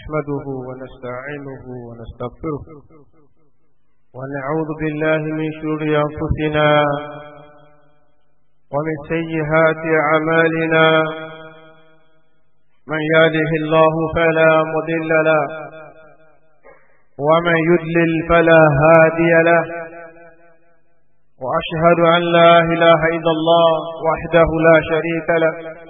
نحمده ونستعينه ونستغفره ونعوذ بالله من شرور أنفسنا ومن سيئات أعمالنا من يهده الله فلا مضل له ومن يدلل فلا هادي له وأشهد أن لا إله إلا الله وحده لا شريك له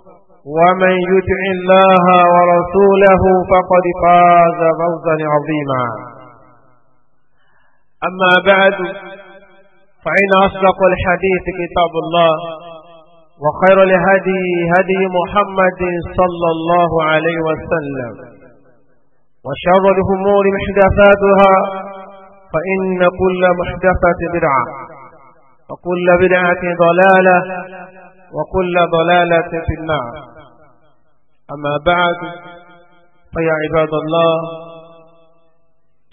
ومن يدع الله ورسوله فقد فاز فوزا عظيما أما بعد فإن أصدق الحديث كتاب الله وخير الهدي هدي محمد صلى الله عليه وسلم وشر الأمور محدثاتها فإن كل محدثة بدعة وكل بدعة ضلالة وكل ضلالة في النار أما بعد فيا عباد الله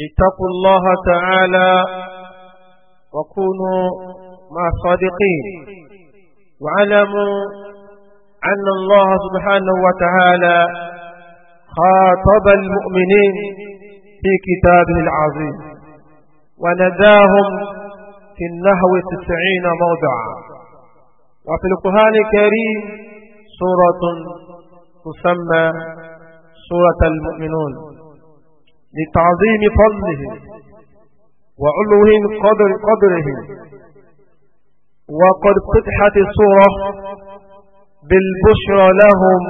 اتقوا الله تعالى وكونوا مع الصادقين واعلموا أن الله سبحانه وتعالى خاطب المؤمنين في كتابه العظيم ونداهم في النهو تسعين موضعا وفي القرآن الكريم سورة تسمى سورة المؤمنون لتعظيم فضله وعلو قدر قدره وقد فتحت السورة بالبشرى لهم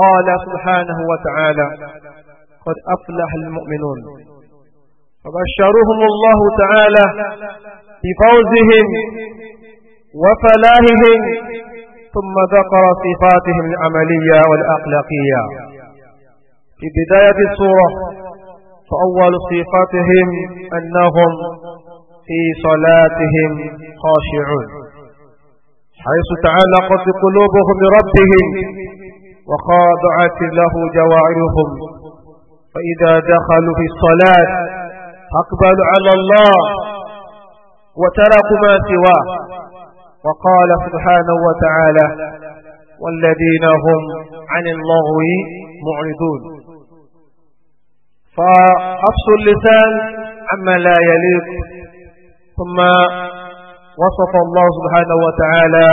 قال سبحانه وتعالى قد أفلح المؤمنون فبشرهم الله تعالى بفوزهم وفلاههم ثم ذكر صفاتهم العملية والأخلاقية في بداية السورة فأول صفاتهم أنهم في صلاتهم خاشعون حيث تعلقت قلوبهم بربهم وخاضعت له جواعرهم فإذا دخلوا في الصلاة أقبلوا على الله وتركوا ما سواه وقال سبحانه وتعالى والذين هم عن الله معرضون فحفظ اللسان عما لا يليق ثم وصف الله سبحانه وتعالى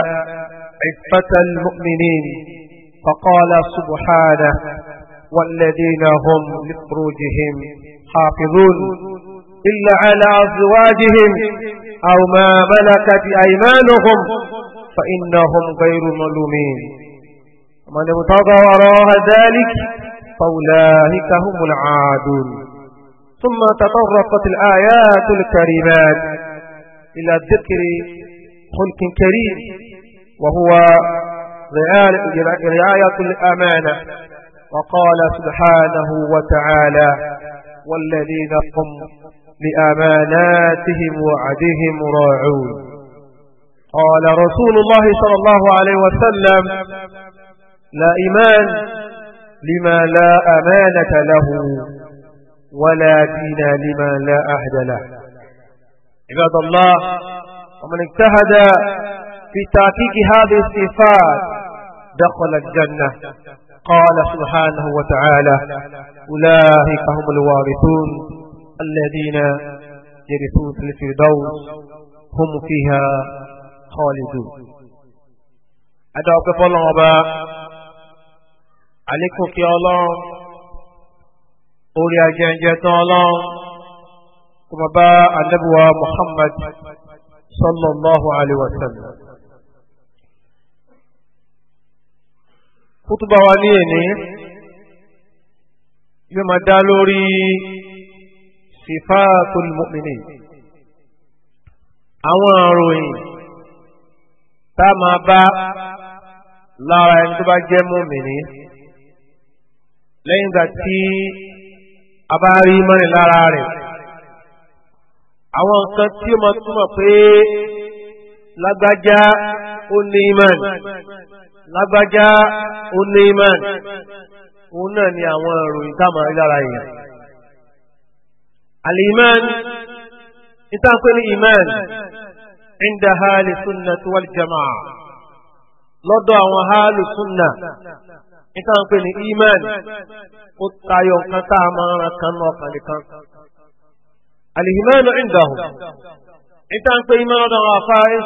عفة المؤمنين فقال سبحانه والذين هم لفروجهم حافظون إلا على أزواجهم أو ما ملكت أيمانهم فإنهم غير ملومين ومن ابتغى وراء ذلك فأولئك هم العادون ثم تطرقت الآيات الكريمات إلى ذكر خلق كريم وهو رعاية الأمانة وقال سبحانه وتعالى والذين هم لأماناتهم وعدهم راعون قال رسول الله صلى الله عليه وسلم لا إيمان لما لا أمانة له ولا دين لما لا أهد له عباد الله ومن اجتهد في تحقيق هذه الصفات دخل الجنة قال سبحانه وتعالى أولئك هم الوارثون الذين يرثون في الفردوس هم فيها خالدون أدعوك فالعبا عليكم يا الله أولي أجنجة الله ثم باء النبوة محمد صلى الله عليه وسلم خطبة وليني يوم دالوري sifatul mu'minin àwọn òròyìn tá a máa bá lára ẹni tó bá jẹ́ mùmìnì lẹ́yìn ìgbà tí a bá rí mọ́rin lára rẹ̀ àwọn nǹkan tí ó máa túmọ̀ pé lágbájá ó ní imán lágbájá ó ní imán òun náà ni àwọn òròyìn tá máa rí lára èèyàn al-iman ìtàkùn iman inda hali sunna wal jama'a lọ́dọ̀ àwọn hali sunna ìtàkùn iman ó tayọ nǹkan tá a máa ra kan náà kan nìkan al-iman indahum ìtàkùn iman lọ́dọ̀ àwọn afárí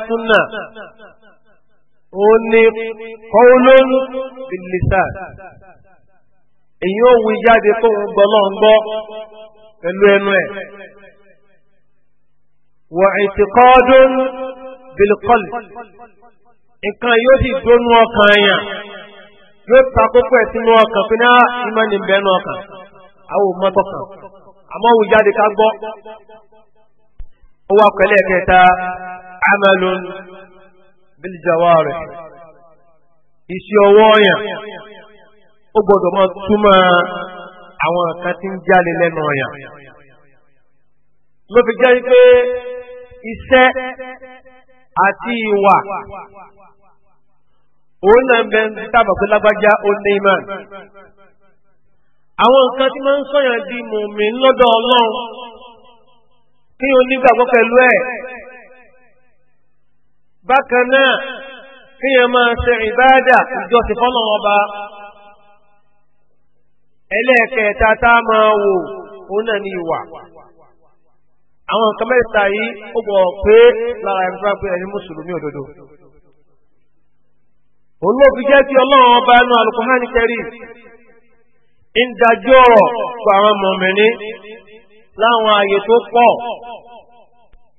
ó ní qawlun bil èyí ó wí jáde kó ń gbọ́ pẹ̀lú ẹnu ẹ̀ wọ ìtìkọ́ọ́dún bilkọ́lì nǹkan yóò sì dónú ọkàn ẹ̀yàn yóò ta kókó ẹ̀ sínú ọkàn pé náà ah, ìmọ̀ ní bẹ́ẹ̀ nù ọkàn àwọn ò mọ́tò kan àmọ́ òun jáde ká gbọ́ ó wá pẹ̀lẹ́ kẹta amalun biljawari iṣẹ́ ọwọ́ ọ̀yàn ó gbọ́dọ̀ máa túmọ̀ àwọn kan ti ń jáde lẹ́nu ọ̀yàn ló fi jẹ́ pé iṣẹ́ àti ìwà òun náà bẹ ń dábàá pé lágbájá ó ní imán àwọn nǹkan tí máa ń sọ̀yàn di mùmí lọ́dọ̀ ọlọ́run kí o nígbàgbọ́ pẹ̀lú ẹ̀ bákan náà kí o máa ṣe ìbáàdà ìjọsìn fọ́nà ọba ẹlẹ́ẹ̀kẹta tá a máa wò òun náà ní ìwà àwọn nǹkan mẹ́ta yìí ó bọ̀ pé lára ẹni pé ẹni mùsùlùmí òdodo òun ló fi jẹ́ kí ọlọ́run ọba ẹnu al ya Karim ń dájọ́ ọ̀rọ̀ ya àwọn mọ̀mìnì láwọn ààyè tó pọ̀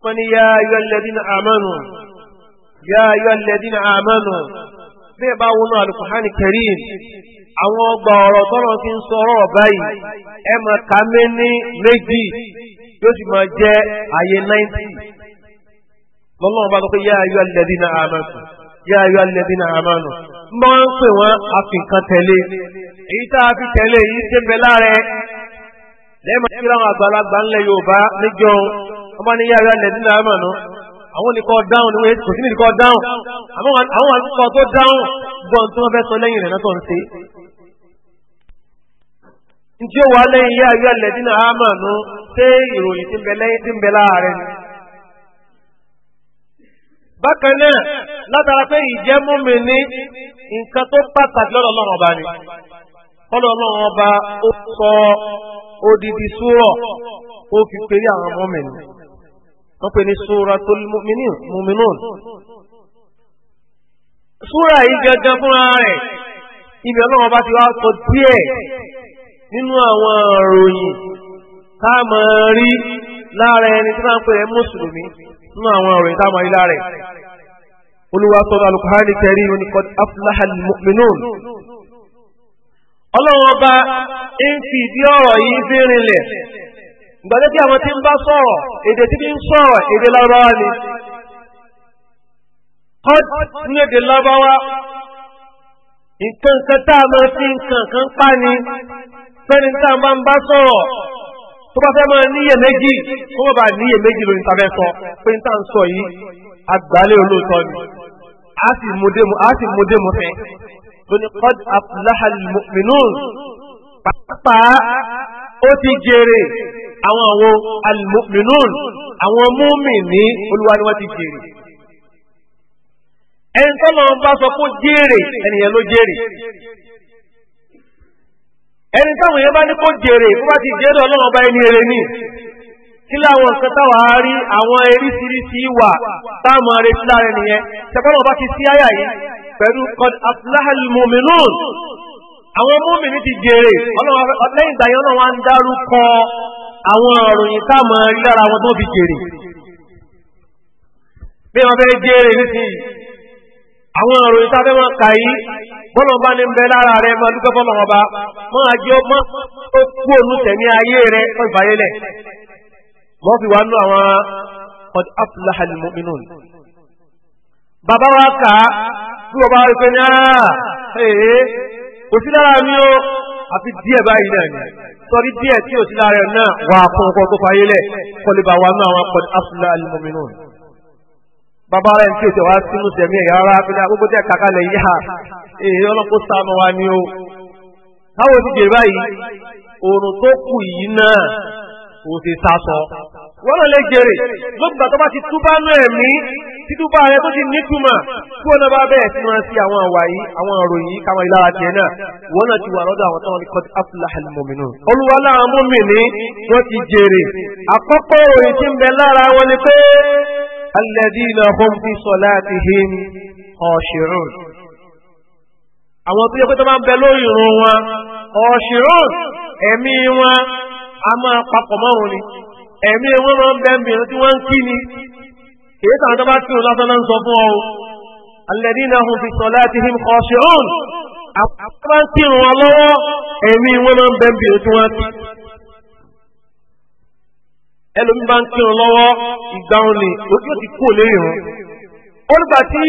wọ́n ní yá ayọ́ yá ayọ́ bí ẹ bá wọnú àwọn ọgbà ọ̀rọ̀ tọ́rọ̀ ti ń sọ̀rọ̀ báyìí ẹ máa ka mé ní méjì sì jẹ́ àyè 90 lọ́lọ́run bá sọ pé alẹ́dínà ayọ́ alladhina ń pè wọ́n tẹ̀lé èyí tá a fi tẹ̀lé èyí ṣe bẹ láàrẹ àgbàlagbà ńlẹ̀ Yorùbá níjọ́ ní àwọn olùkọ́ dáhùn ní wéé kò sí nìkọ́ dáhùn àwọn olùkọ́ tó dáhùn gbọ́n tí wọ́n fẹ́ sọ lẹ́yìn rẹ̀ náà tó ń ṣe. Ǹjẹ́ ó wà lẹ́yìn yá ayé alẹ́ dínà ámànú ṣé ìròyìn ti ń bẹ lẹ́yìn ti ń bẹ láàárẹ̀ ni? Bákan náà, látara pé ìjẹ́ múmi ní nǹkan tó pàtàkì lọ́dọ̀ Ọlọ́run ọba ni. Kọ́lọ̀ Ọlọ́run ọba ó sọ odidi súrọ̀ ó fi péré àwọn mọ́mìnì. wọ́n pè ní suratul mu'minun súra yìí gẹ́gẹ́ fúnra rẹ̀ ibi ọlọ́run bá ti wá sọ díẹ̀ nínú àwọn ìròyìn tá rí lára ẹni tí wọ́n pè é nínú àwọn ìròyìn tá rí lára ẹ̀ olúwa sọ̀rọ̀ ọba ọrọ gbàdé tí àwọn tí ń bá sọ̀rọ̀ èdè tí ń sọ̀rọ̀ èdè lárúbáwá ni kọ́d ní èdè lárúbáwá nǹkan kan tá a máa fi nǹkan kan pa ni fẹ́ni tá a máa ń bá sọ̀rọ̀ tó bá fẹ́ máa níyè méjì kó má bàa níyè méjì lórí ìtàbẹ́ pé n tá ń sọ yìí àgbálẹ̀ olóòótọ́ ni a sì mú dé mu fẹ́ lónìí kọ́d aflahal mu'minun pàápàá ó ti jèrè àwọn àwọn almu'minun àwọn mùmínì olúwa ni wọ́n ti jèrè ẹni tọ́lọ́ bá sọ pé jèrè ẹnìyẹn ló jèrè ẹni táwọn èèyàn bá ní kó jèrè kó bá ti jèrè ọlọ́run ọba ẹni eré ní kí láwọn nǹkan táwọn á rí àwọn eríṣiríṣi wà táwọn arẹ sí lára nìyẹn ṣẹpọ́n ọba ti sí àyà yìí pẹ̀lú qad aflahal àwọn mùmínì ti jèrè lẹ́yìn ìgbà yẹn ọlọ́run á ń dárúkọ àwọn ọ̀ròyìn táàmù rí lára wọn tó fi jèrè bí wọ́n fẹ́ jèrè àwọn ọ̀ròyìn tá a wọn bọ́lọ̀ bá ní bẹ lára rẹ máa dúpẹ́ fọ́lọ̀ ọba máa jẹ́ ọmọ tó kú òun tẹ̀mí ayé rẹ fún ìbáyélẹ̀ wọ́n fi wá nú àwọn àfi díẹ̀ báyìí náà ni sọrí díẹ̀ tí ò sí lára ẹ̀ náà wà á fún ọkọ tó fayé lẹ̀ kọlíba wa náà wọn kọlí afúlá alimọ̀mínú. bàbá rẹ̀ ń tètè wá sínú tẹ̀mí ẹ̀yà ara fi náà tẹ̀ kàkálẹ̀ yìí hà èyí ọlọ́kó sànù wa ni o. táwọn ti dè báyìí òòrùn tó kù yìí náà ó ti sá sọ. wọ́n náà lè jèrè lóògbà tó bá ti túbá nú ẹ̀mí títúbà rẹ tó ti nítumọ̀ tí wọ́n náà bá bẹ̀rẹ̀ sí wọn sí àwọn àwà yìí àwọn ìròyìn yìí káwọn ìlara tiẹ̀ náà wọ́n náà ti wà lọ́dọ̀ àwọn táwọn kọ́ afúláhà mọ̀mìnú. olúwa láwọn mọ́mìnì wọ́n ti jèrè àkọ́kọ́ ìròyìn tí ń bẹ lára wọn ni pé alladhina hum fi salatihim khashi'un. àwọn tó yẹ pé tó máa ń bẹ lórí ìrun wọn khashi'un ẹ̀mí wọn a máa papọ̀ mọ́ ni ẹ̀mí wọn máa ń bẹ́ẹ̀ mìíràn tí wọ́n ń kí ni èyí tàn tó bá òun lásán náà ń sọ fún ọ alladhina hum fi salatihim khashi'un àwọn bá ń kírun wọn lọ́wọ́ ẹ̀mí wọn máa ń bẹ́ẹ̀ mìíràn tí wọ́n kí ẹlòmí bá ń kírun lọ́wọ́ ìgbà òun ni ti kú lórí wọn olùgbà tí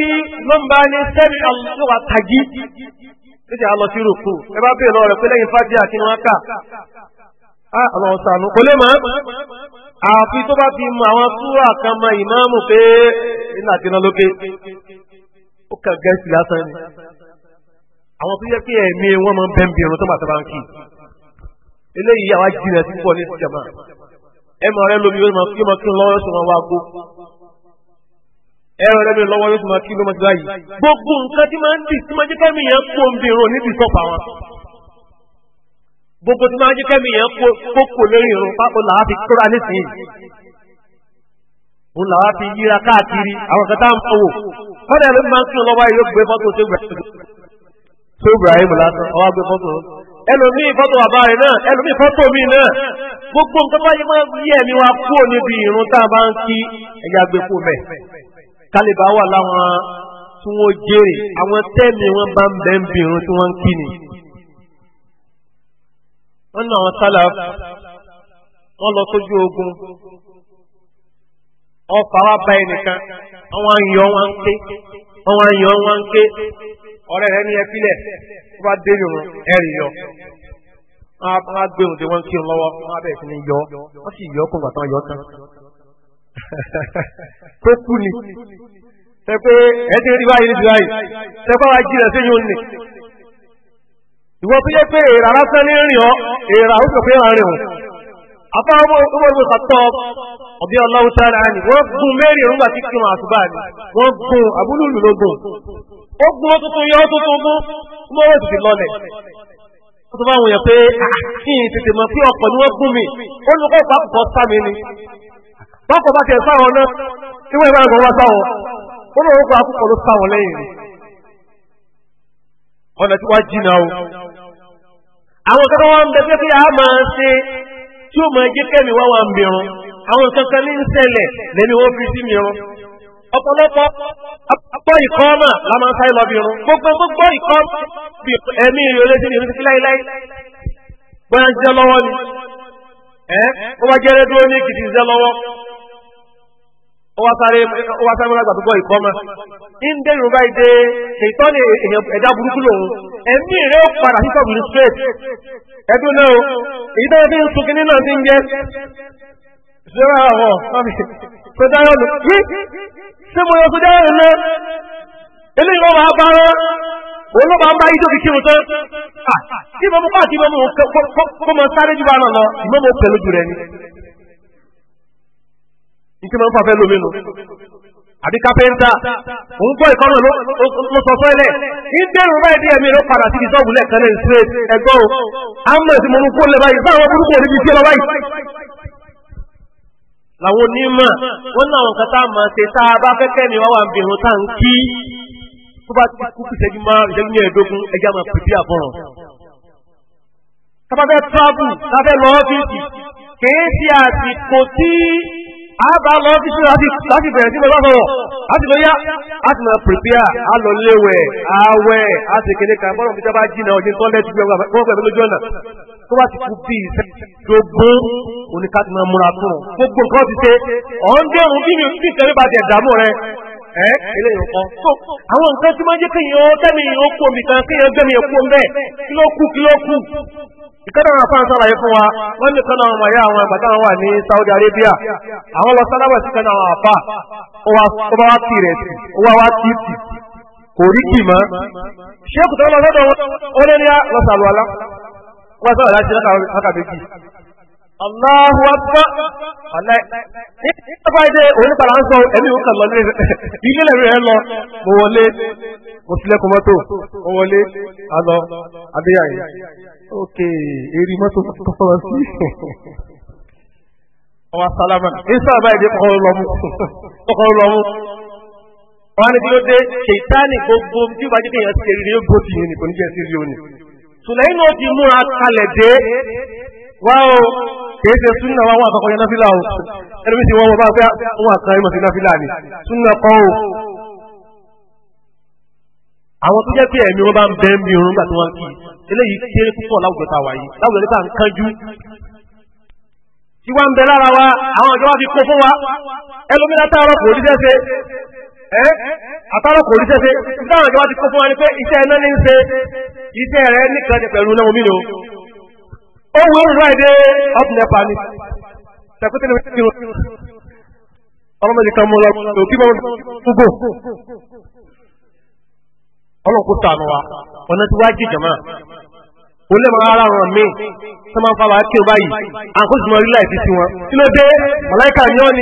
nọ́mbà ní sẹ́mi àlùfáà sí ẹ Ah, ọlọ́run sànú kò lè mọ́ àfi tó bá fi mọ àwọn súrà kan mọ ìmáàmù pé nínú àtiná lókè ó kàn gẹ́sì lásán ni àwọn tó yẹ pé ẹ̀mí wọn máa ń bẹ́ ń bí irun tó bá sábà ń kì eléyìí àwa jìnnà sí pọ̀ ní ìjọba ẹ mọ̀ rẹ lómi yóò máa kí lọ́wọ́ yóò sì máa wá gbó ẹ rẹ lómi lọ́wọ́ yóò sì máa kí lọ́wọ́ sí báyìí gbogbo nǹkan tí máa ń dì tí máa jẹ́ kẹ́mi yẹn pọ̀ ń níbi ìsọ̀pọ̀ àwọn gbogbo tí máa ń jẹ́ kẹ́mi yẹn kó kò lórí irun pápọ̀ làá fi kóra nísìnyí òun làá fi yíra káàkiri àwọn kan tá à ń fọwọ́ kọ́dà ló máa ń sún lọ́wọ́ yóò gbé fọ́tò tó gbà tó Ibrahim lásán ọwọ́ gbé fọ́tò ẹlòmíì fọ́tò bàbá rẹ̀ náà ẹlòmíì fọ́tò mi náà gbogbo nǹkan bá yẹ máa yí ẹ̀mí wa kúrò níbi irun tá a bá ń kí ẹ̀yà gbé kú mẹ́ kálíbà wà láwọn tí wọ́n jèrè àwọn tẹ́ẹ̀mì wọn bá ń bẹ́ẹ̀ ń bí irun tí wọ́n ń kí ni wọ́n náà sálà wọ́n lọ sójú ogun ọfà wa bá ẹnìkan àwọn ayọ̀ wọn ń ké àwọn ayọ̀ wọn ń ké ọ̀rẹ́ rẹ ní ẹpílẹ̀ tó bá dé ìrùn ẹ̀rì yọ wọ́n á gbé òde wọn kí n lọ́wọ́ wọ́n á bẹ̀rẹ̀ sí ní yọ wọ́n sì yọ kó gbàtàn yọ tán tó kú ni tẹ pé ẹ ti rí báyìí rí báyìí tẹ bá wa sí yóò ní ìwọ tó yẹ pé èrà lásán ní rìn ọ èrà ó sì pé ràn rìn ọ afá ọmọ ìgbò sàtọ ọbí ọlọ́wọ́ sára ni wọ́n gun mẹ́rin ìrúgbà tí kí wọn àtúbà ni wọ́n gun abúlùlù ló gun ó gun ó tuntun yọ ó tuntun mú mú owó tètè lọlẹ̀ ó tó bá wọn yẹ pé ah, kí n tètè mọ̀ pé ọkọ̀ ni wọ́n gún mi ó ní kó bá kọ̀ sá mi ni bákọ̀ bá tiẹ̀ sáwọn náà tí wọ́n ìbára gbọ́n wá sáwọn ó lọ́wọ́ kó akókò ló sáwọn lẹ́yìn ọ̀nà tí wọ́n jìnnà o àwọn kankan wọn bẹ pé a máa ṣe tí ó máa jẹ́ kẹ́mi wá wà ń bìrún àwọn kankan ní ń ṣẹlẹ̀ lẹ́ni wọ́n fi sí mìíràn ọ̀pọ̀lọpọ̀ ọ̀pọ̀ ìkọ́ ọmọ la máa ń sáré lọ bìrún gbogbo gbogbo ìkọ́ ẹ̀mí ìrọ̀lẹ́ sí ìrọ̀lẹ́ sí láíláí bóyá ń jẹ́ lọ́wọ́ ni ẹ́ ó wá jẹ́rẹ́ dúró ní kìtì ń jẹ́ lọ́wọ́ ó wá sáré mọ́lágbà tó gbọ́ ìkọ́mọ́ ń dé yorùbá ìdè ètò ní ẹ̀dá burúkú lòun ẹ̀mí rẹ̀ ó padà sí sọ́ọ̀bù ní straight ẹ̀dùn náà o èyí tó yẹ kí n sun kínní náà ti ń jẹ́ ṣẹ́wà ọ̀họ̀ sọdáyọ̀nù yí ṣé mo yọ sọdáyọ̀nù náà eléyìí ló máa bá rán òun ló máa ń bá yí tóbi kírun tán tí mo mú pàtí mo mú kó mo sáré jù bá náà lọ ìmọ̀ mo pẹ̀lú jù rẹ̀ ni ìtí máa ń fàfẹ́ lómi nù àbí kápẹ́ńtà òun gbọ́ ìkọ́nà ló sọ fún ẹlẹ́ ìdẹ́rùn báyìí díẹ̀ mi ló padà sí ìṣọ́ọ̀bù lẹ́ẹ̀kan lẹ́yìn straight ẹgbọ́ o amúlẹ̀ tí mo mú kó lẹ báyìí báwọn burúkú ò níbi tí ẹ lọ báyìí. làwọn onímọ̀ wọn náà nǹkan tá a máa ṣe tá a bá fẹ́ kẹ́ni wá wà ń bìrùn tá à ń kí tó bá ti kú kí ṣẹ́jú máa ṣẹ́jú ní ẹ̀ẹ́dógún ẹja máa pèsè àbọ̀ràn. tábàfẹ́ travel tábàfẹ́ lọ ọ́fíìsì kì ṣe àsìkò tí a bá lọ ọ́fíìsì láti bẹ̀rẹ̀ sí lọ́wọ́ sọ̀rọ̀ láti lọ yá láti lọ pèpéà a lọ léwẹ̀ awẹ́ a sì kéde kan bọ́lá òfìsà bá jìnnà ọ̀jẹ̀ tọ́lẹ̀tì bí wọ́n fẹ́ lójú ọ̀nà tó bá ti kú bí ìṣẹ́dógún oníkàtúmọ̀ múra fún un gbogbo nǹkan ti ṣe ọ̀ ń dẹ́rùn bí mi ò sì tẹ́lẹ̀ bá ti ẹ̀dààmú rẹ ẹ eh, ilé yìí kọ. àwọn nǹkan tí wọ́n jẹ́ kí yìí ó tẹ́mi yìí ó kú omi kan kí yẹn gbẹ́mi èkó ń bẹ́ẹ̀ kí ló kú kí ló kú. ìkádà àwọn afáàn sàlàyé wa wọ́n Saudi Arabia àwọn lọ sálábà sí kan àwọn àfà ó bá wá kì rẹ̀ sí ó Allahu akbar. Ọ̀lẹ́. Nígbà bá dé oníbàrà ń sọ ẹ̀mí òun kàn lọ ní ilé lẹ́rú ẹ̀ lọ. Mo wọlé. Mo tilẹ̀kùn mọ́tò. Mo wọlé. A lọ. Abíyá yìí. Ok, eri mọ́tò tó fọwọ́ sí. Ọwọ́ sálámà. Nígbà bá dé kọ́kọ́ lọ mú. Kọ́kọ́ lọ mú. Wọ́n á ní kí ló dé. Ṣèyítánì gbogbo tí ó bá jẹ́ kéèyàn ṣe eré ní ó gbó ti yìí ni kò ní jẹ́ sí rí òní. Sùlẹ́yìn náà ti múra kalẹ̀ dé. Wá o kìí ṣe súnà wá wọn àkọ́kọ́ yẹn náfìlà o ẹni bíi ti wọ́n wọ́n bá pé wọ́n àkàn ìmọ̀ sí náfìlà ni súnà kọ́ o. àwọn tó jẹ́ pé ẹ̀mí wọn bá ń bẹ́ ń bí irun gbà tí wọ́n kì í eléyìí kéré púpọ̀ láwùjọ tá a wà yìí láwùjọ níta ń kánjú. ìwà ń bẹ lára wa àwọn ìjọba ti kó fún wa ẹlòmínà táwọn kò rí sẹ́sẹ́ ẹ́ àtàwọn kò rí sẹ́sẹ́ táwọn ìjọba ti kó fún wa ni pé iṣẹ́ iná ní ń ṣe iṣẹ́ rẹ̀ nìkan ti pẹ̀lú náà omi ohun ohun ráìdé ọ̀pìnẹ́pà ni tẹ̀kútẹ́ ní kírun ọlọ́mọdé kan mọ́ lọ kí mọ́ gbogbo ọlọ́kú tànù wa ọ̀nà tí wàá jí jàmá o lè máa ara ràn mí tó máa ń fa wàá kí o báyìí àǹkó sì máa rí láì fi sí wọn kí ló dé màláìka ni ọ́ ni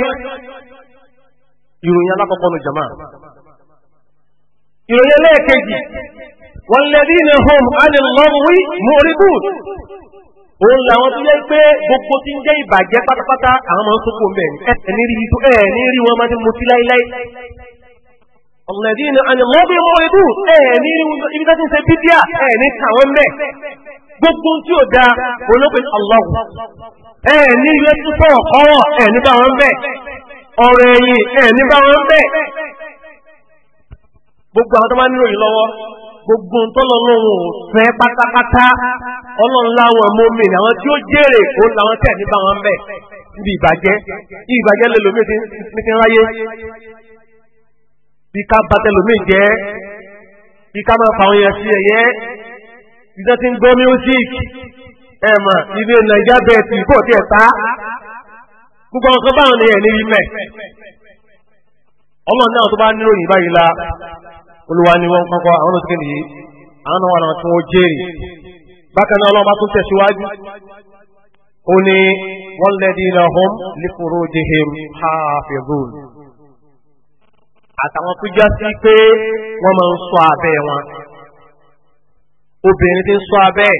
ìròyìn alákọ̀ọ́kọ́ nu jàmá ìròyìn ẹlẹ́ẹ̀kejì wal ladina hum 'anil lagwi mu'ridun òun làwọn tó yẹ pé gbogbo tí ń jẹ́ ìbàjẹ́ pátápátá àwọn máa ń sókò mbẹ̀ ẹ̀ ní rí tó ẹ̀ ní rí wọn máa ti mutí láíláí. ọ̀lẹ́dínà ànàmọ́bí mọ́ ebú ẹ̀ ní rí ibi tó ti ń ṣe bídíà ẹ̀ ní tàwọn mbẹ̀ gbogbo tí ò da olóògbé Allahu ẹ̀ ní ilé tó sọ̀rọ̀ kọ́rọ̀ ẹ̀ ní bá wọn mbẹ̀ ọ̀rọ̀ ẹ̀yìn ẹ̀ ní bá wọn mbẹ̀ gbogbo àwọn tó bá nílò yìí lọ́wọ́ gbogbo tọ́lọ́lọ́wọ́ fẹ́ pátápátá ọlọ́láwọn mọ́mí àwọn tí ó jèrè ó làwọn tẹ̀ nípa wọn bẹ̀ níbi ìbàjẹ́ ní ìbàjẹ́ lè lómi ti ń ráyé bí ká bàtẹ lómi jẹ́ bí ká máa fà wọn yẹn sí ẹ̀yẹ ìjọ ti ń gbọ́ music ẹ̀mọ̀ ilé nàìjíríà bẹ́ẹ̀ ti kò tiẹ̀ ta gbogbo ọkọ̀ báwọn ni ẹ̀ ní ilẹ̀ ọlọ́run náà tó bá níròyìn báyìí la olúwa ni wọ́n kọ́kọ́ àwọn náà tẹ́kẹ̀ nìyí àwọn náà wà náà tí wọ́n jèrè bákan náà ọlọ́run bá tún tẹ̀síwájú ó ní wọ́n lẹ́dí iná hom lífòrò jehim haafidun àtàwọn tó já sí pé wọ́n máa ń sọ abẹ́ wọn obìnrin ti ń sọ abẹ́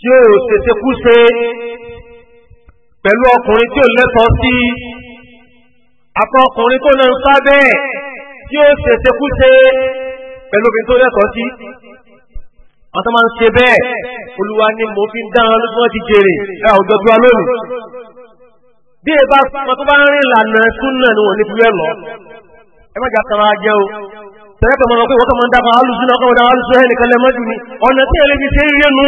tí ó ṣeṣekúṣe pẹ̀lú ọkùnrin tí ò lẹ́tọ̀ọ́ sí apá ọkùnrin tó náà ń sọ abẹ́ tí ó ṣe ṣekúṣe pẹ̀lú obìnrin tó lẹ́tọ̀ọ́ sí wọ́n tó máa ń ṣe bẹ́ẹ̀ olúwa ni mo fi ń dáhùn lójú wọn ti jèrè ẹ àwùjọ tó wá lónìí bí ẹ bá wọn tó bá ń rìn lànà súnà ni wọn ní fi lọ ẹ má jà kàrà jẹ o tẹ̀lé kan mọ̀ pé wọ́n kàn máa ń dábàá alùsùn náà kọ́ wọ́n dábàá alùsùn ẹ̀ nìkan lẹ́mọ́jú ni ọ̀nà tí ẹ lè fi ṣe é rí ẹnu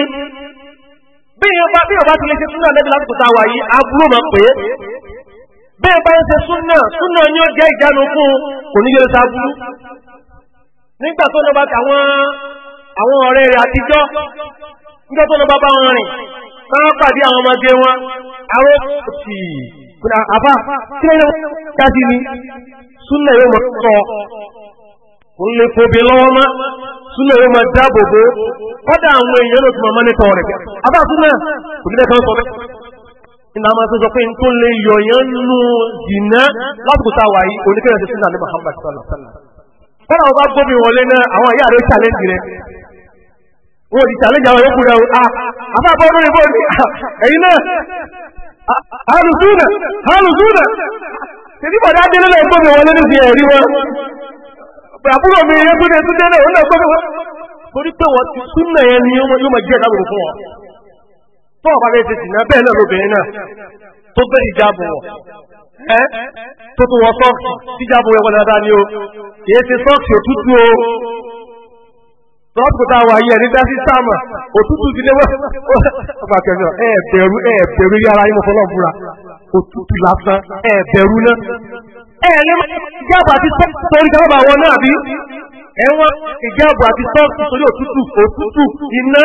bí ọba tí lè bí ẹ bá ń ṣe súnà súnà ni ó jẹ́ ìjánu fún kò ní yóò sábúrú nígbà tó lọ́ba tàwọn àwọn ọ̀rẹ́ rẹ̀ àtijọ́ nígbà tó lọ́ba bá wọn rìn táwọn pàdé àwọn ọmọdé wọn aró òtì àbá kí lóyún jáde ni súnà yóò mọ̀ sọ kò ń lè fobi lọ́wọ́ mọ́ súnà yóò mọ̀ dáàbò bò kọ́dà àwọn èèyàn ló ti mọ̀ mọ́ nípa ọ̀rẹ́ àbá súnà kò ní lẹ́kọ̀ọ́ sọ bẹ́ẹ̀ iná máa tó sọ pé tó lè yọ̀yán nù jìnà lásìkò tá a wà yìí oníkẹ́yọ̀ ti sílẹ̀ ní Muhammad sallallahu alaihi wasallam. kọ́nà ọba gbóbi wọlé náà àwọn ìyá rẹ̀ challenge rẹ̀ wọ́n ti challenge àwọn yòókù rẹ̀ o ah, àbá bọ́ lórí bọ́ ní ah, ẹ̀yin náà alùsùnà alùsùnà tèmi bọ̀dá délé náà gbóbi wọlé ní ti ẹ̀rí wọn. àbúrò mi yẹn tún dé tún délé òun náà gbóbi wọn. torí pé wọ́n ti súnà yẹn ni yóò máa jẹ́ ìdáàbòbò fún wọn tó ọba rẹ ti sì náà bẹ́ẹ̀ náà lóbìnrin náà tó bẹ́ ìjábò wọ̀ ẹ́ tó tó wọ sọ́ọ̀kì tíjábò rẹ wọlé dáadáa ni o kìí ṣe sọ́ọ̀kì òtútù o sọ́ọ̀kì tá a wà yí ẹni dá sí sáàmà òtútù ti léwọ́ ọgbà kẹfìọ ẹ bẹ̀rù ẹ bẹ̀rù yàrá yín mọ̀fọ́lọ́ búra òtútù lásán ẹ bẹ̀rù náà ẹ ní ìjábò àti sọ́ọ̀kì tó ń bá wọn náà bí ẹ̀wọ̀n ìjábò àti sọ́ọ̀kì sórí òtútù òtútù iná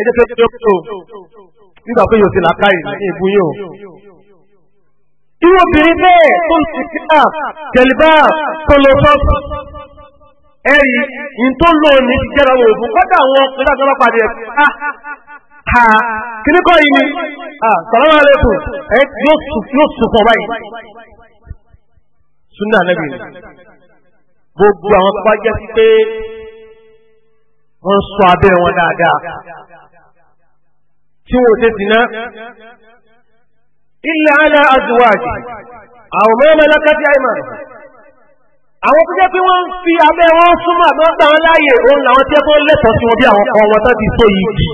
ẹjẹ́ tó tó tó nígbà pé yóò ti là káyì ní ìbú yóò. irú obìnrin bẹ́ẹ̀ tó ń ti sílá tẹ̀lébà tó lọ sọ́ọ̀tù ẹ̀rí ní tó lò ní ti jẹ́ra wò fún kọ́dà àwọn ọkùnrin àti ọlọ́pàá rẹ̀ ha kíní kọ́ yìí ni sàlámà lẹ́kùn ẹ̀ yóò sùn fún ọ báyìí. súnà nàbì gbogbo àwọn tó bá jẹ́ sí pé wọ́n sọ abẹ́ wọn dáadáa tí wọ́n ṣe sí náà illa ala azwaji àwọn mẹ́rin mẹ́lẹ́kẹ́tì àìmọ̀ àwọn tó jẹ́ pé wọ́n ń fi abẹ́ wọn súnmọ́ àgbọ́gbà wọn láàyè òun làwọn tí wọ́n lẹ́tọ̀ọ́ sí wọn bí àwọn kan wọn tó ti so yìí kì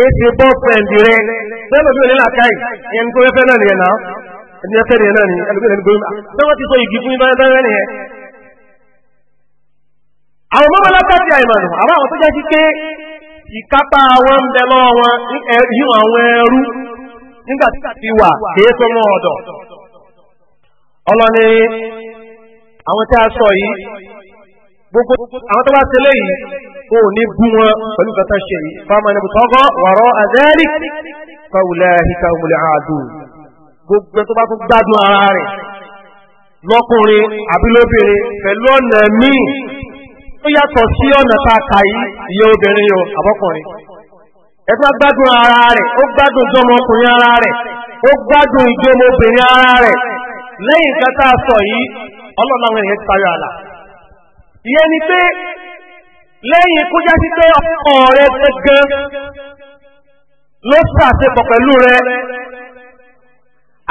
èé ṣe bọ́ọ̀fẹ́ǹdì rẹ bẹ́ẹ̀ lóbi òní làkàì ìyẹn ní kó fẹ́ náà nìyẹn náà ẹni ẹfẹ́ nìyẹn náà ìkápá àwọn ń bẹ lọ́wọ́ wọn ní àwọn ẹrú nígbàtí wà kìí tó mọ́ ọ̀dọ̀ ọlọ́ni àwọn tí a sọ yìí gbogbo àwọn tó bá tẹ́lẹ̀ yìí kò ní bú wọn pẹ̀lú kata ṣe yìí fáwọn ẹni wọ̀rọ̀ àzẹ́rì òmùlẹ̀ gbogbo ara rẹ̀ lọ́kùnrin pẹ̀lú ọ̀nà tó yàtọ̀ sí ọ̀nà tá a kà yìí ìyẹ obìnrin o àbọ́kùnrin gbádùn ara rẹ̀ ó gbádùn ìjọmọkùnrin ara rẹ̀ ó gbádùn ìjọmọbìnrin ara rẹ̀ lẹ́yìn nǹkan tá a sọ yìí ọlọ́lọ́run èèyàn ti tayọ àlà ìyẹn ni pé lẹ́yìn kó sí pé ọkọ rẹ gẹ́gẹ́ ló ṣàṣepọ̀ pẹ̀lú rẹ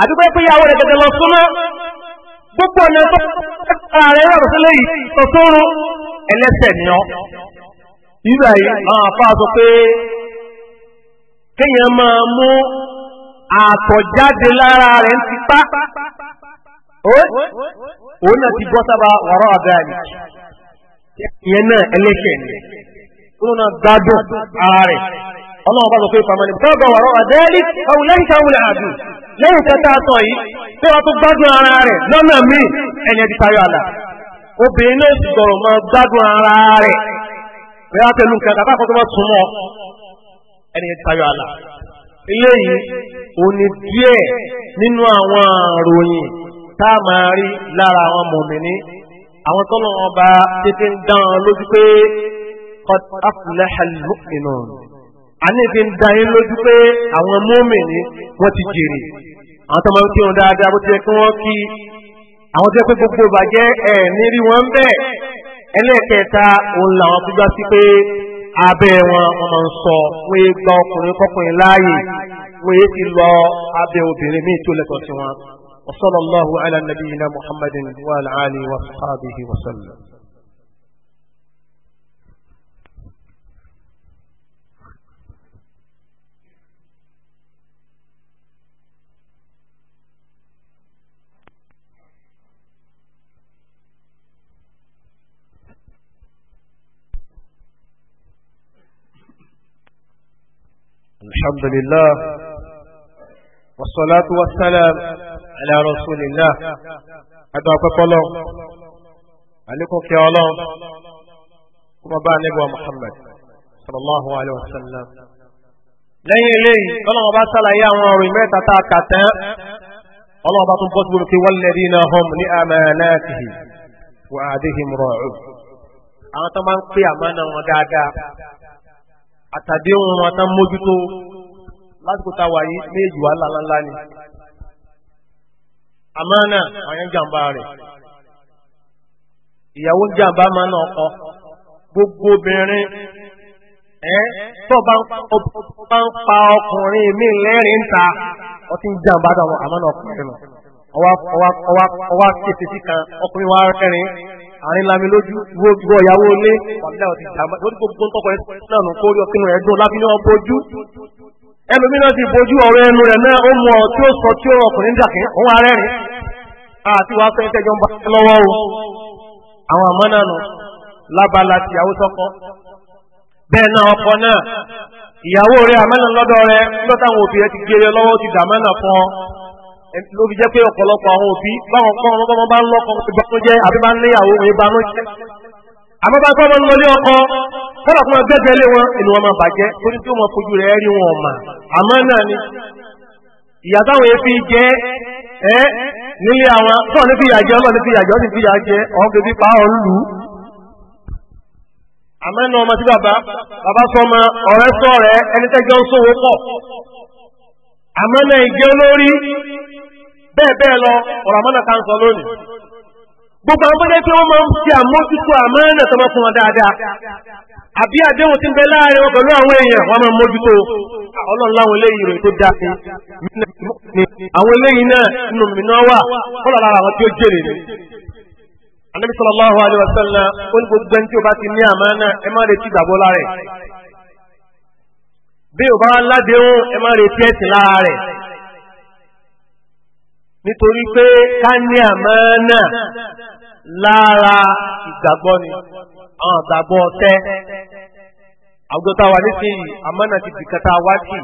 àdúgbò pé ìyàwó rẹ gẹ́gẹ́ lọ súnmọ́ gbogbo ọ̀nà tó ara rẹ̀ yàtọ̀ sílẹ̀ yìí tó tóóró ẹlẹ́sẹ̀ ni ọ́ nígbà yìí àwọn afá sọ pé kéèyàn máa mú àtọ̀jáde lára rẹ̀ ń tipá òun náà ti gbọ́ sábà ìyẹn náà ẹlẹ́sẹ̀ ni òun náà gbádùn ara rẹ̀ ọlọ́run bá sọ pé pàmò lẹ́yìn tẹ́ta sọ yìí tí wọ́n tó gbádùn ara rẹ̀ lọ́nà míì ẹni ẹ̀dí tayọ àlà obìnrin náà sì gbọ̀rọ̀ mọ́ gbádùn ara rẹ̀ pé wọ́n tẹ̀lú nǹkan tàbí àkọ́kọ́ mọ́ súnmọ́ ẹni ẹ̀dí tayọ àlà eléyìí òní díẹ̀ nínú àwọn àròyìn tá a máa rí lára àwọn mọ̀mìnì àwọn tọ́lọ́ ọba tètè ń dán lójú pé qad aflaha al àníbi ń da yín lójú pé àwọn ni wọ́n ti jèrè àwọn tó máa ń kírun dáadáa bó ti yẹ kí wọ́n kí àwọn tó yẹ pé gbogbo ìbàjẹ́ ẹ̀ ní rí wọn bẹ́ẹ̀ ẹlẹ́ẹ̀kẹta òun làwọn tó já sí pé abẹ́ wọn wọ́n máa ń sọ wọ́n gba ọkùnrin kọkùnrin láàyè wọ́n yé ti lọ abẹ́ obìnrin míì tó lẹ́tọ̀ọ́ sí wọn. وصلى الله على نبينا محمد وعلى آله وصحبه وسلم الحمد لله والصلاة والسلام على رسول الله هذا فقالوا عليكم يا الله كما بقى نبوة محمد صلى الله عليه وسلم lẹ́yìn eléyìí ọlọ́run bá ṣàlàyé àwọn ọ̀rọ̀ mẹ́ta tá a kà tán ọlọ́run bá tún bọ́ síbi pé walladhina hum li amanatihim wa ahdihim ra'un àwọn tó máa ń pè àmánà wọn dáadáa àtàdéhùn wọn tán mójútó lásìkò tá a wà yìí méjì wà lálálá ni àmánà àwọn yẹn jàǹbá rẹ̀ ìyàwó jàǹbá máa nà ọkọ gbogbo obìnrin ẹ tó bá ń pa ọkùnrin mi lẹ́rìí ń ta ọtí jàǹbá dáwọn àmánà ọkùnrin náà ọwá kéte sí kan ọkùnrin wa rẹ́rìn àárín lami lójú gbogbo ìyàwó ilé wàbílà ọ̀tí ìjàmbá lórí gbogbo ọkùnrin náà nù kórí ọkùnrin rẹ̀ dùn lábí náà bójú ẹlòmíràn ti bójú ọ̀rọ̀ ẹnu rẹ̀ náà ó mọ̀ tí ó sọ tí ó ọkùnrin dàkín òun arẹ́rìn àti wàá fẹ́ tẹ́jọ́ ń bá lọ́wọ́ o àwọn àmọ́ náà nù lábala ti ìyàwó sọ́kọ bẹ́ẹ̀ náà ọkọ náà ìyàwó rẹ̀ àmọ́ náà lọ́dọ̀ rẹ̀ lọ́tàwọn òbí rẹ̀ ti gé e lọ́wọ́ ti dàmọ́ náà fún ọ ló fi jẹ́ pé ọ̀pọ̀lọpọ̀ àwọn òbí báwọn kọ́ ọmọ bọ́mọ bá ń lọ́kọ ìbọ̀tún jẹ́ àbí bá ń léyàwó ìbánú jẹ́ bá ọkọ kọ́nà fún ẹgbẹ́gbẹ́ lé wọn inú wọn máa bàjẹ́ torí tí ó máa fojú rí wọn efi nílé àwọn tó ní ọmọ ní fi pa lù ú náà ọmọ bàbá bàbá bẹ́ẹ̀ bẹ́ẹ̀ lọ ọ̀rọ̀ àmọ́nà ká ń sọ gbogbo àwọn tí wọ́n máa ń fi àmójútó àmọ́nà tó fún wọn dáadáa àbí àdéhùn ti ń bẹ láàrin wọn pẹ̀lú àwọn èèyàn wọn máa mójútó ọlọ́run láwọn eléyìí rẹ̀ tó sí àwọn eléyìí náà wà àwọn tí ó jèrè ni anabi sallallahu alayhi wa sallam ó ní gbogbo ẹni tí o bá ti ní ẹ má retí lára rẹ̀ bí o bá ládéhùn ẹ má retí nítorí pé ká ní àmánà lára ìgbàgbọ́ ni àwọn àgbàgbọ́ ọ̀tẹ́ àwùjọ tá a wà nísìnyí àmánà ti dìkan wá sí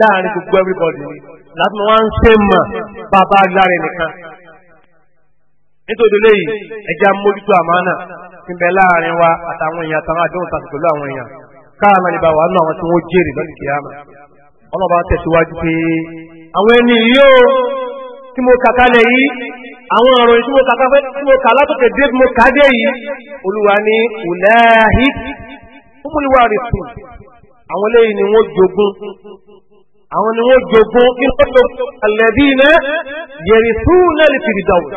láàrin gbogbo everybody ni láti wọn ń ṣe mọ̀ bàbá lára nìkan nítorí léyìí ẹja mójútó àmánà ti bẹ láàrin wa àtàwọn èèyàn àtàwọn àdéhùn tàbí pẹ̀lú àwọn èèyàn káàmà ní bàbá nù àwọn tí wọ́n jèrè lọ́dún kìíyàmà ọlọ́ba tẹ̀síwájú pé àwọn ẹni yóò tí mo kàkà lẹ̀ yìí àwọn ọ̀rọ̀ tí mo kàkà fẹ́ tí mo kà látòkè dé mo kà dé yìí olúwa ní ùlẹ́ẹ̀hí fúnmùlúwà rẹ̀ tù àwọn eléyìí ni wọ́n jogún àwọn ni wọ́n jogún kí wọ́n jogún alẹ́bí iná yẹ̀rì fún náà lè fìdí dáwọ̀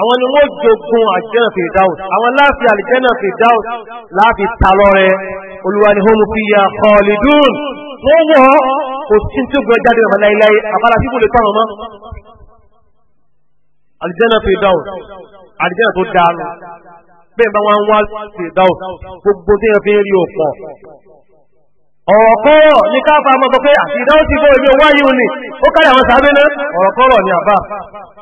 àwọn ni wọ́n jogun àjẹ́nà Firdaus àwọn láàfin àlìjẹ́nà Firdaus láàfin talọ́ rẹ olúwa ni hóun fi ya khalidun wọ́n wọ́ kò sí tí ó gbọ́ jáde ọ̀hún láíláí àbára tí kò lè tọ̀rọ̀ mọ́ àlìjẹ́nà Firdaus àlìjẹ́nà tó dáa nù bẹ́ẹ̀ bá wọn wá Firdaus gbogbo tí wọ́n fi rí òpọ̀ ọ̀rọ̀kọ́rọ̀ ní káfà mọ́ sọ pé àti ìdáwó ti bọ́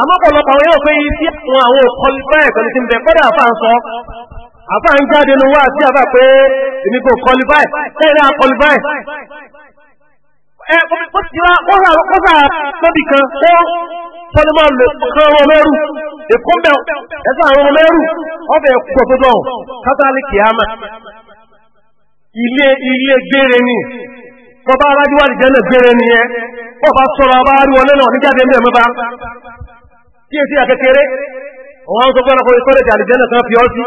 àmọ́pọ̀lọpọ̀ àwọn yóò pé yí sí àwọn àwọn kọlifá ẹ̀kọ́ ní ti ń bẹ̀ kọ́dà àfà ń sọ àfà ń jáde nu wá sí àfà pé èmi kò kọlifá ẹ̀ tẹ́lẹ̀ à kọlifá ẹ̀. ẹ kó ti wá kó sà kó sà lóbì kan kó tọ́ni máa lè kán ọmọ mẹ́rù èkó ń bẹ̀ ẹ̀sà àwọn ọmọ mẹ́rù ọbẹ̀ kò tó dán kátàlí kìámà ilé ilé gbére ni bọ́ba arájú wà lìjẹ́ náà gbére ni yẹn bọ́ba sọ̀rọ̀ abáwárí wọlé náà níjáde ń bẹ̀ mọ́ba tí èsì àkékeré àwọn àwọn sọgbọ́n ọkọ̀ ìkọ́lẹ̀ tí àlìjẹ́nà kan fi ọ́ sí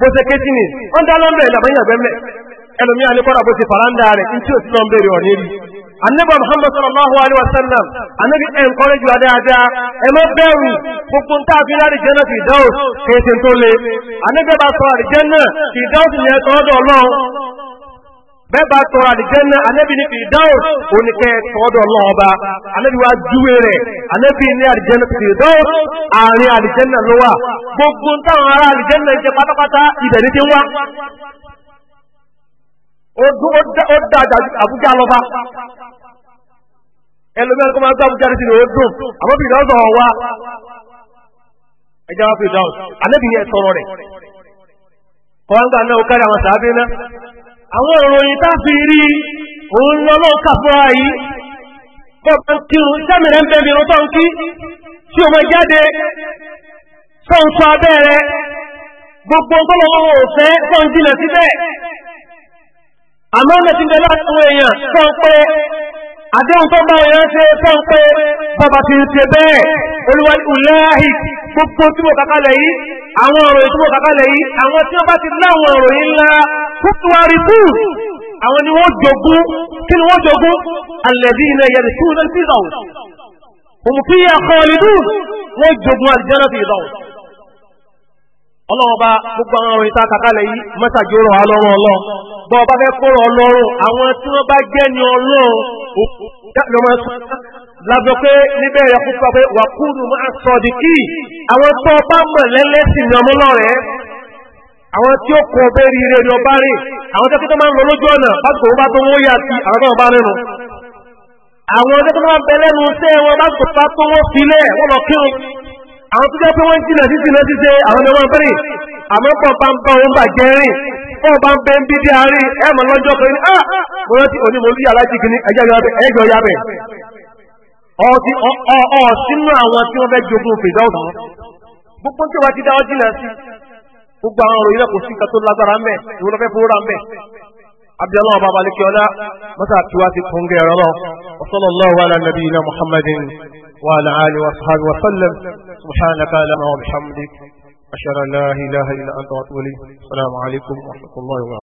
kó ṣe kéjì ní wọ́n dá lọ́mbẹ̀ làbẹ́yìn àgbẹ́mẹ̀ ẹlòmí àníkọ́ra bó ṣe fàráńdà rẹ̀ tí tí ò sí lọ́mbẹ̀rẹ̀ ọ̀ní rí annabi muhammad sallallahu alaihi wasallam annabi encourage wa dáadáa ẹ má bẹ̀rù gbogbo ń tàbí láti jẹ́nà ti dáwò kéèké tó le annabi bá sọ àlìjẹ́nà ti dáwò sì ní ẹ̀kọ́ ọ̀dọ̀ ọlọ́run bẹ́ẹ̀bá tọrọ àdìjẹ́nà anẹ́bì ní fìdáwòs oníkẹ́ tọ́ọ̀dọ̀ lọ́ọba anẹ́bì wa júwe rẹ̀ anẹ́bì ní àdìjẹ́nà fìdáwòs àárín àdìjẹ́nà ló wà gbogbo táwọn ará àdìjẹ́nà jẹ pátápátá ibẹ̀ ní ti wá ó dá àbújá lọ́ba ẹlòmí àti kọ́mọ́ àbújá ti ní ó dùn ọ̀hún wa ẹjẹ́ àwọn ìròyìn tá fi rí òun lọ́lọ́ kàfúra yìí kọ́kọ́ kírun sẹ́mìnà ń bẹ mi rọ́tọ́ ń kí tí o mọ jáde sọ́ǹtọ́ abẹ́rẹ́ gbogbo ọgọ́lọ́wọ́ òfẹ́ sọ́ǹjìnà síbẹ̀ àmọ́ ọ̀nà ti bẹ láti àwọn èèyàn sọ́ǹpẹ́ àdéhùn tó bá wọn ṣe fún pé bàbá ti ń ṣe bẹ́ẹ̀ olúwa ìlẹ́hì gbogbo tí mo kàkálẹ̀ yìí àwọn ọ̀rọ̀ tí mo kàkálẹ̀ yìí àwọn tí wọ́n bá ti láwọn ọ̀rọ̀ yìí ńlá kútu àríkù àwọn ni wọ́n jogún kí ni wọ́n jogún alẹ́bí ilẹ̀ yẹn tí wọ́n ti rà ó òmùkíyà kọ́ọ̀lì dùn wọ́n jogún àlùjànnà ti rà ó ọlọ́ọba gbogbo àwọn orin tá a kàkálẹ̀ yìí mọ́sàájú rọ̀ wá lọ́rùn ọlọ́ bọ́ ọba fẹ́ kọ́rọ̀ ọlọ́run àwọn tí wọ́n bá jẹ́ ni ọlọ́run lọ́mọ lábẹ́ pé níbẹ̀ rẹ̀ kó pa pé wà kúrú máa sọ di kí àwọn tó ọba mọ̀ lẹ́lẹ́sìn ní ọmọ lọ́rẹ̀ àwọn tí ó kọ bẹ́ẹ̀ rí rẹ̀ ni ọba rí àwọn tẹ́kítọ́ máa ń lọ lójú ọ̀nà pàtó bá tó wọ́n yà sí àwọn tó ọba nínú àwọn tẹ́kítọ́ máa ń bẹ lẹ́nu iṣẹ́ bá tó bá tó wọ́n filẹ̀ wọ́n lọ kírun àwọn tó jẹ́ pé wọ́n jìnà títí náà títí àwọn ọmọ bẹ́rẹ̀ àmọ́ pọ̀ bá ń bá wọn bà jẹ́ rìn pọ̀ bá ń bẹ́ ń bí dé àárín ẹ̀mọ̀ lọ́jọ́ kan ní àà ah! mo rántí onímọ̀lú yàrá jì kìíní ẹjọ́ ya bẹ̀ ọ̀ sínú àwọn tí wọ́n fẹ́ jogún fèdá ọ̀nà gbogbo tí wọ́n ti dá ọ jìnà sí gbogbo àwọn òròyìn náà kò sí nǹkan tó lágbára ń bẹ̀ ìwọ́n lọ́fẹ́ fowó ra ń bẹ̀ abdullah ọba balẹ̀ kí ọlá mọ́tà tí wàá ti kún wa sallallahu nabiyina muhammadin وعلى آله وأصحابه وسلم سبحانك اللهم وبحمدك أشهد أن لا إله إلا أنت وأتوب إليك السلام عليكم ورحمة الله وبركاته